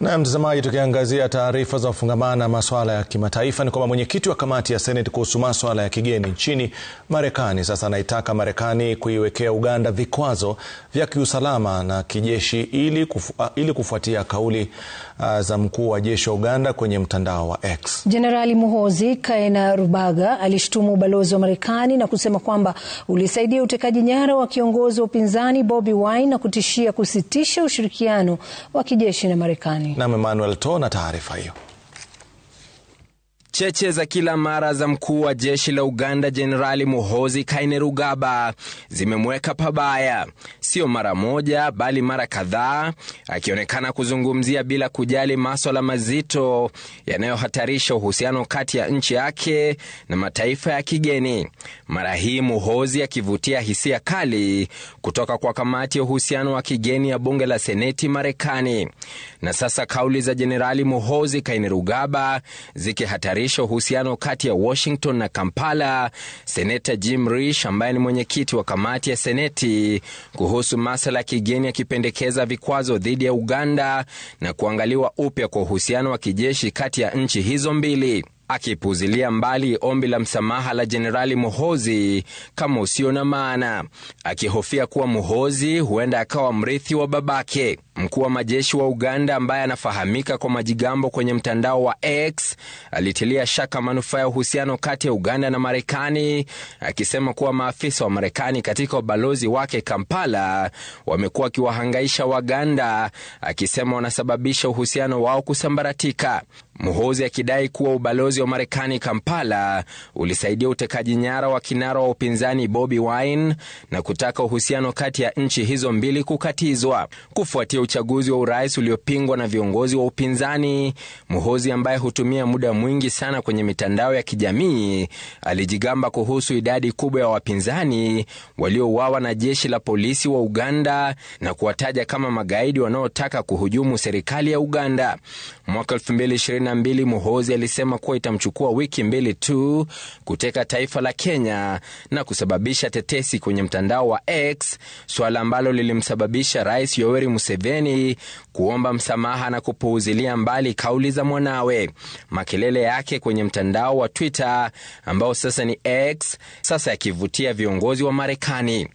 Na mtazamaji, tukiangazia taarifa za ufungamana na masuala ya kimataifa ni kwamba mwenyekiti wa kamati ya Seneti kuhusu masuala ya kigeni nchini Marekani sasa anaitaka Marekani kuiwekea Uganda vikwazo vya kiusalama na kijeshi ili, kufu, ah, ili kufuatia kauli uh, za mkuu wa jeshi wa Uganda kwenye mtandao wa X. Jenerali kaena Kainerubaga alishutumu ubalozi wa Marekani na kusema kwamba ulisaidia utekaji nyara wa kiongozi wa upinzani Bobi Wine na kutishia kusitisha ushirikiano wa kijeshi na Marekani. Nam Emmanuel to na taarifa hiyo. Cheche za kila mara za mkuu wa jeshi la Uganda Jenerali Muhozi Kainerugaba zimemweka pabaya, sio mara moja, bali mara kadhaa, akionekana kuzungumzia bila kujali maswala mazito yanayohatarisha uhusiano kati ya nchi yake na mataifa ya kigeni. Mara hii Muhozi akivutia hisia kali kutoka kwa kamati ya uhusiano wa kigeni ya bunge la seneti Marekani. Na sasa kauli za Jenerali Muhozi Kainerugaba zikihatarisha kuimarisha uhusiano kati ya Washington na Kampala, Seneta Jim Risch ambaye ni mwenyekiti wa kamati ya Seneti kuhusu masuala ya kigeni akipendekeza vikwazo dhidi ya Uganda na kuangaliwa upya kwa uhusiano wa kijeshi kati ya nchi hizo mbili akipuzilia mbali ombi la msamaha la Jenerali Muhozi kama usio na maana, akihofia kuwa muhozi huenda akawa mrithi wa babake. Mkuu wa majeshi wa Uganda ambaye anafahamika kwa majigambo kwenye mtandao wa X alitilia shaka manufaa ya uhusiano kati ya Uganda na Marekani, akisema kuwa maafisa wa Marekani katika ubalozi wake Kampala wamekuwa wakiwahangaisha Waganda, akisema wanasababisha uhusiano wao kusambaratika. Muhozi akidai kuwa ubalozi ubalozi wa Marekani Kampala ulisaidia utekaji nyara wa kinara wa upinzani Bobi Wine na kutaka uhusiano kati ya nchi hizo mbili kukatizwa kufuatia uchaguzi wa urais uliopingwa na viongozi wa upinzani. Muhozi ambaye hutumia muda mwingi sana kwenye mitandao ya kijamii alijigamba kuhusu idadi kubwa ya wapinzani waliouawa na jeshi la polisi wa Uganda na kuwataja kama magaidi wanaotaka kuhujumu serikali ya Uganda. Mwaka 2022 Muhozi alisema kuwa itamchukua wiki mbili tu kuteka taifa la Kenya na kusababisha tetesi kwenye mtandao wa X, suala ambalo lilimsababisha Rais Yoweri Museveni kuomba msamaha na kupuuzilia mbali kauli za mwanawe. Makelele yake kwenye mtandao wa Twitter ambao sasa ni X, sasa yakivutia viongozi wa Marekani.